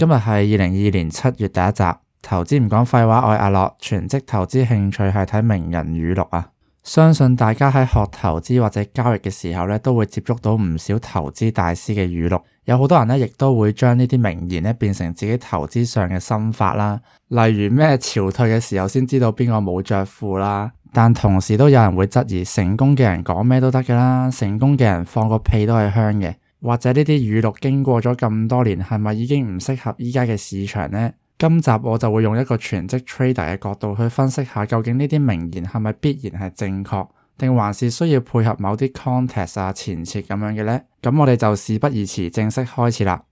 今日係二零二二年七月第一集，投資唔講廢話，我係阿樂，全職投資，興趣係睇名人語錄啊！相信大家喺學投資或者交易嘅時候咧，都會接觸到唔少投資大師嘅語錄，有好多人咧亦都會將呢啲名言咧變成自己投資上嘅心法啦。例如咩潮退嘅時候先知道邊個冇着褲啦，但同時都有人會質疑成功嘅人講咩都得㗎啦，成功嘅人放個屁都係香嘅。或者呢啲語錄經過咗咁多年，係咪已經唔適合而家嘅市場呢？今集我就會用一個全職 trader 嘅角度去分析下，究竟呢啲名言係咪必然係正確，定還是需要配合某啲 context 啊、前設咁樣嘅呢？咁我哋就事不宜遲，正式開始啦。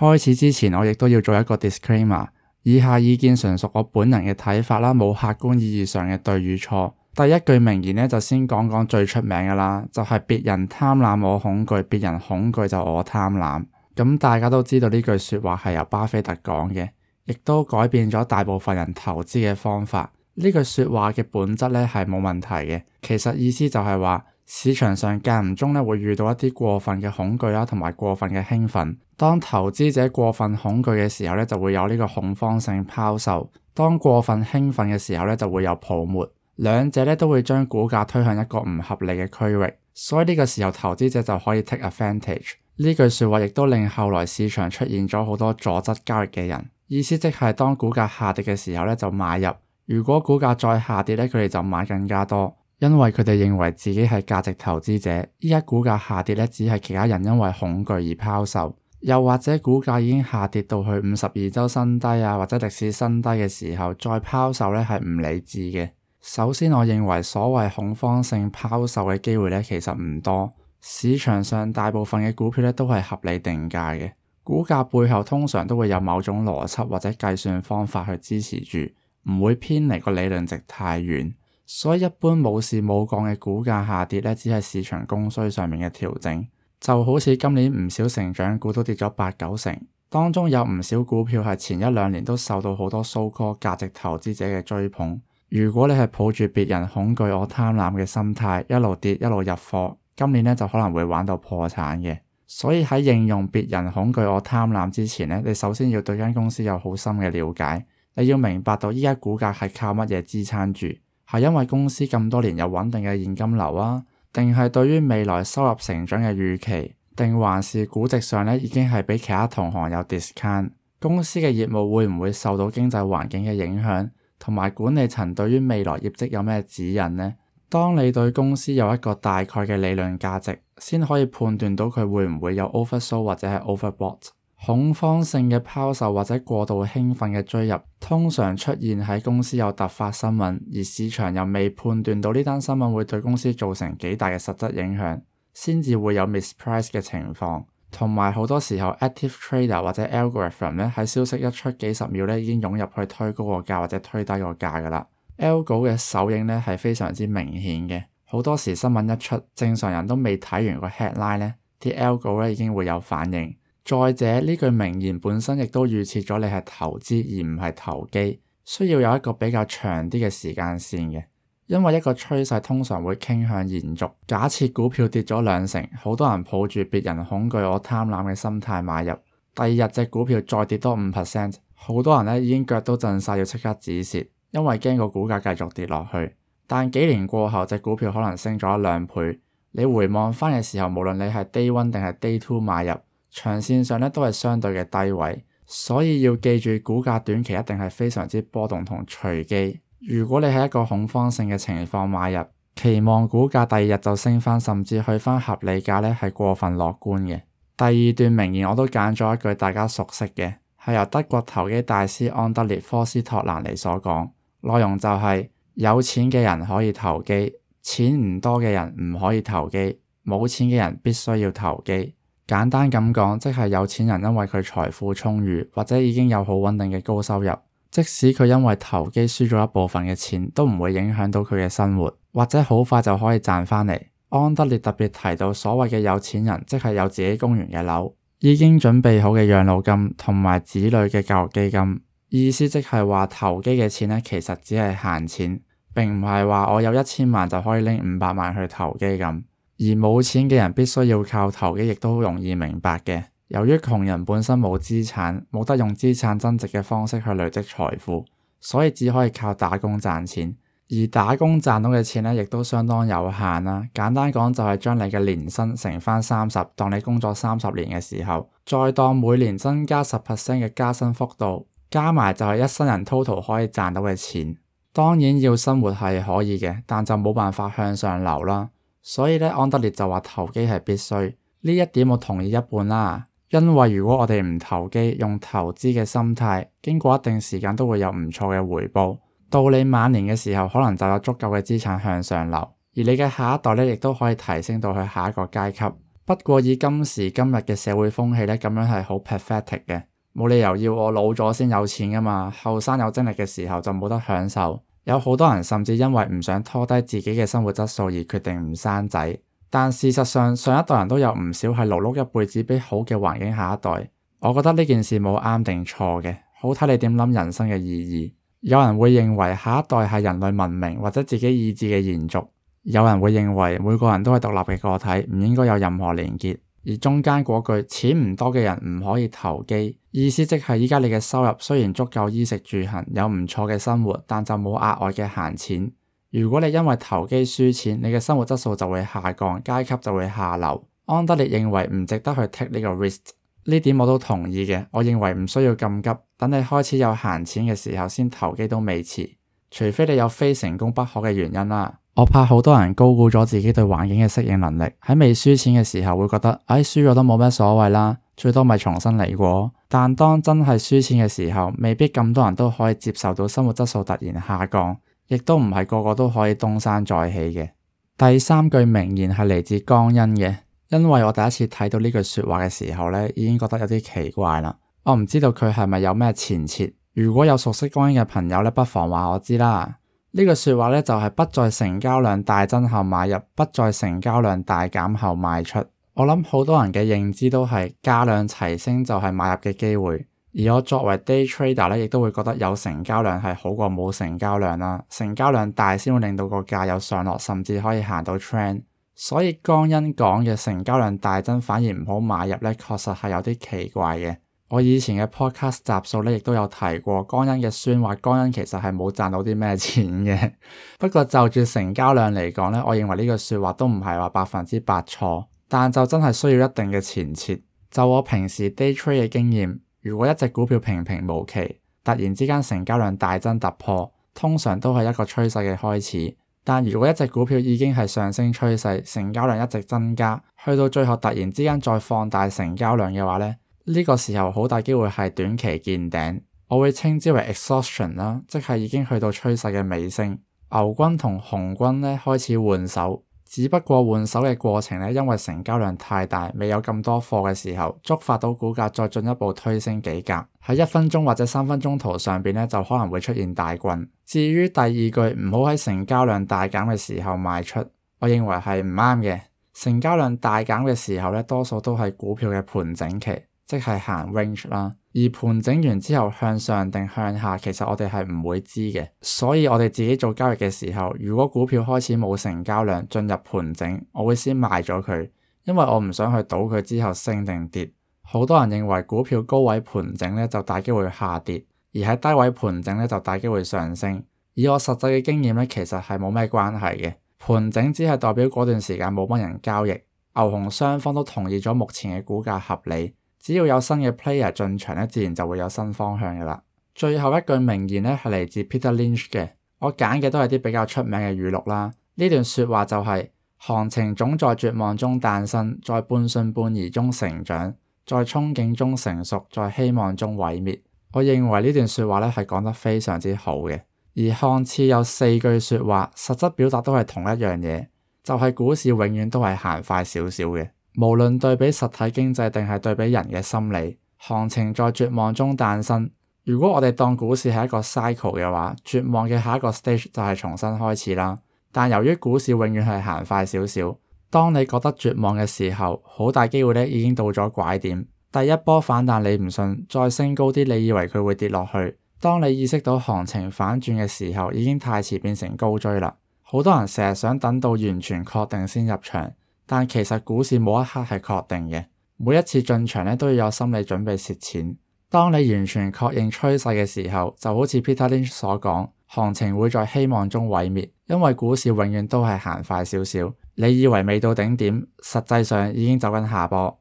開始之前，我亦都要做一個 Disclaimer。以下意見純屬我本人嘅睇法啦，冇客觀意義上嘅對與錯。第一句名言咧，就先講講最出名嘅啦，就係別人貪婪，我恐懼；別人恐懼，就我貪婪。咁大家都知道呢句説話係由巴菲特講嘅，亦都改變咗大部分人投資嘅方法。呢句説話嘅本質咧係冇問題嘅，其實意思就係話。市場上間唔中咧會遇到一啲過分嘅恐懼啦，同埋過分嘅興奮。當投資者過分恐懼嘅時候咧，就會有呢個恐慌性拋售；當過分興奮嘅時候咧，就會有泡沫。兩者咧都會將股價推向一個唔合理嘅區域。所以呢個時候，投資者就可以 take advantage。呢句説話亦都令後來市場出現咗好多左側交易嘅人，意思即係當股價下跌嘅時候咧就買入，如果股價再下跌咧佢哋就買更加多。因為佢哋認為自己係價值投資者，依家股價下跌咧，只係其他人因為恐懼而拋售，又或者股價已經下跌到去五十二周新低啊，或者歷史新低嘅時候再拋售咧係唔理智嘅。首先，我認為所謂恐慌性拋售嘅機會咧，其實唔多，市場上大部分嘅股票咧都係合理定價嘅，股價背後通常都會有某種邏輯或者計算方法去支持住，唔會偏離個理論值太遠。所以一般冇事冇幹嘅股價下跌咧，只係市場供需上面嘅調整。就好似今年唔少成長股都跌咗八九成，當中有唔少股票係前一兩年都受到好多 so-called 價值投資者嘅追捧。如果你係抱住別人恐懼我貪婪嘅心態，一路跌一路入貨，今年咧就可能會玩到破產嘅。所以喺應用別人恐懼我貪婪之前咧，你首先要對間公司有好深嘅了解，你要明白到依家股價係靠乜嘢支撐住。係因為公司咁多年有穩定嘅現金流啊，定係對於未來收入成長嘅預期，定還是估值上呢已經係比其他同行有 discount？公司嘅業務會唔會受到經濟環境嘅影響？同埋管理層對於未來業績有咩指引呢？當你對公司有一個大概嘅理論價值，先可以判斷到佢會唔會有 oversold 或者係 overbought。恐慌性嘅拋售或者過度興奮嘅追入，通常出現喺公司有突發新聞，而市場又未判斷到呢單新聞會對公司造成幾大嘅實質影響，先至會有 mispriced 嘅情況。同埋好多時候，active trader 或者 algorithm 咧喺消息一出幾十秒咧已經湧入去推高個價或者推低個價噶啦。algo 嘅手影咧係非常之明顯嘅，好多時新聞一出，正常人都未睇完個 headline 咧，啲 algo 咧已經會有反應。再者，呢句名言本身亦都預設咗你係投資而唔係投機，需要有一個比較長啲嘅時間線嘅。因為一個趨勢通常會傾向延續。假設股票跌咗兩成，好多人抱住別人恐懼我貪婪嘅心態買入，第二日隻股票再跌多五 percent，好多人呢已經腳都震晒要即刻止蝕，因為驚個股價繼續跌落去。但幾年過後隻股票可能升咗一兩倍，你回望返嘅時候，無論你係 day one 定係 day two 買入，長線上都係相對嘅低位，所以要記住股價短期一定係非常之波動同隨機。如果你喺一個恐慌性嘅情況買入，期望股價第二日就升翻，甚至去翻合理價呢，係過分樂觀嘅。第二段名言我都揀咗一句大家熟悉嘅，係由德國投機大師安德烈科斯托蘭尼所講，內容就係，有錢嘅人可以投機，錢唔多嘅人唔可以投機，冇錢嘅人必須要投機。簡單咁講，即係有錢人，因為佢財富充裕，或者已經有好穩定嘅高收入，即使佢因為投機輸咗一部分嘅錢，都唔會影響到佢嘅生活，或者好快就可以賺翻嚟。安德烈特別提到所謂嘅有錢人，即係有自己供完嘅樓，已經準備好嘅養老金同埋子女嘅教育基金，意思即係話投機嘅錢呢，其實只係閒錢，並唔係話我有一千萬就可以拎五百萬去投機咁。而冇錢嘅人必須要靠投機，亦都好容易明白嘅。由於窮人本身冇資產，冇得用資產增值嘅方式去累積財富，所以只可以靠打工賺錢。而打工賺到嘅錢呢，亦都相當有限啦。簡單講就係將你嘅年薪乘翻三十，當你工作三十年嘅時候，再當每年增加十 percent 嘅加薪幅度，加埋就係一生人 total 可以賺到嘅錢。當然要生活係可以嘅，但就冇辦法向上流啦。所以呢，安德烈就話投機係必須呢一點，我同意一半啦。因為如果我哋唔投機，用投資嘅心態，經過一定時間都會有唔錯嘅回報。到你晚年嘅時候，可能就有足夠嘅資產向上流，而你嘅下一代呢，亦都可以提升到去下一個階級。不過以今時今日嘅社會風氣呢，咁樣係好 pathetic 嘅，冇理由要我老咗先有錢噶嘛。後生有精力嘅時候就冇得享受。有好多人甚至因為唔想拖低自己嘅生活質素而決定唔生仔，但事實上上一代人都有唔少係勞碌一輩子畀好嘅環境下一代。我覺得呢件事冇啱定錯嘅，好睇你點諗人生嘅意義。有人會認為下一代係人類文明或者自己意志嘅延續，有人會認為每個人都係獨立嘅個體，唔應該有任何連結。而中間嗰句錢唔多嘅人唔可以投機，意思即係依家你嘅收入雖然足夠衣食住行，有唔錯嘅生活，但就冇額外嘅閒錢。如果你因為投機輸錢，你嘅生活質素就會下降，階級就會下流。安德烈認為唔值得去 take 呢個 risk，呢點我都同意嘅。我認為唔需要咁急，等你開始有閒錢嘅時候先投機都未遲，除非你有非成功不可嘅原因啦。我怕好多人高估咗自己對環境嘅適應能力，喺未輸錢嘅時候會覺得，唉、哎，輸咗都冇咩所謂啦，最多咪重新嚟過。但當真係輸錢嘅時候，未必咁多人都可以接受到生活質素突然下降，亦都唔係個個都可以東山再起嘅。第三句名言係嚟自江恩嘅，因為我第一次睇到呢句說話嘅時候咧，已經覺得有啲奇怪啦。我唔知道佢係咪有咩前設，如果有熟悉江恩嘅朋友咧，不妨話我知啦。呢句說話咧就係不在成交量大增後買入，不在成交量大減後賣出。我諗好多人嘅認知都係價量齊升就係買入嘅機會，而我作為 day trader 咧，亦都會覺得有成交量係好過冇成交量啦。成交量大先會令到個價有上落，甚至可以行到 trend。所以江恩講嘅成交量大增反而唔好買入咧，確實係有啲奇怪嘅。我以前嘅 podcast 集數咧，亦都有提過江恩嘅説話，江恩其實係冇賺到啲咩錢嘅。 不過就住成交量嚟講咧，我認為呢句説話都唔係話百分之百錯。但就真係需要一定嘅前設。就我平時 day trade 嘅經驗，如果一隻股票平平無奇，突然之間成交量大增突破，通常都係一個趨勢嘅開始。但如果一隻股票已經係上升趨勢，成交量一直增加，去到最後突然之間再放大成交量嘅話咧，呢個時候好大機會係短期見頂，我會稱之為 exhaustion 啦，即係已經去到趨勢嘅尾聲。牛軍同熊軍呢開始換手，只不過換手嘅過程呢，因為成交量太大，未有咁多貨嘅時候，觸發到股價再進一步推升幾格。喺一分鐘或者三分鐘圖上邊呢，就可能會出現大棍。至於第二句，唔好喺成交量大減嘅時候賣出，我認為係唔啱嘅。成交量大減嘅時候呢，多數都係股票嘅盤整期。即係行 range 啦，而盤整完之後向上定向下，其實我哋係唔會知嘅。所以我哋自己做交易嘅時候，如果股票開始冇成交量進入盤整，我會先賣咗佢，因為我唔想去賭佢之後升定跌。好多人認為股票高位盤整咧就大機會下跌，而喺低位盤整咧就大機會上升。以我實際嘅經驗咧，其實係冇咩關係嘅。盤整只係代表嗰段時間冇乜人交易，牛熊雙方都同意咗目前嘅股價合理。只要有新嘅 player 進場咧，自然就會有新方向嘅啦。最後一句名言咧係嚟自 Peter Lynch 嘅，我揀嘅都係啲比較出名嘅語錄啦。呢段說話就係行情總在絕望中誕生，在半信半疑中成長，在憧憬中成熟，在希望中毀滅。我認為呢段說話咧係講得非常之好嘅。而看似有四句說話，實質表達都係同一樣嘢，就係股市永遠都係行快少少嘅。無論對比實體經濟定係對比人嘅心理，行情在絕望中誕生。如果我哋當股市係一個 cycle 嘅話，絕望嘅下一個 stage 就係重新開始啦。但由於股市永遠係行快少少，當你覺得絕望嘅時候，好大機會咧已經到咗拐點。第一波反彈你唔信，再升高啲，你以為佢會跌落去。當你意識到行情反轉嘅時候，已經太遲變成高追啦。好多人成日想等到完全確定先入場。但其實股市冇一刻係確定嘅，每一次進場都要有心理準備蝕錢。當你完全確認趨勢嘅時候，就好似 Peter Lynch 所講，行情會在希望中毀滅，因為股市永遠都係行快少少。你以為未到頂點，實際上已經走緊下坡。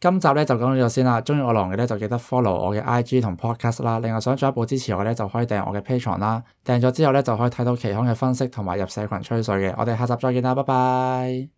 今集呢就講到呢度先啦。鍾意我郎嘅呢就記得 follow 我嘅 IG 同 Podcast 啦。另外想進一步支持我呢就可以訂我嘅 Patreon 啦。訂咗之後呢，就可以睇到期兇嘅分析同埋入社群吹水嘅。我哋下集再見啦，拜拜。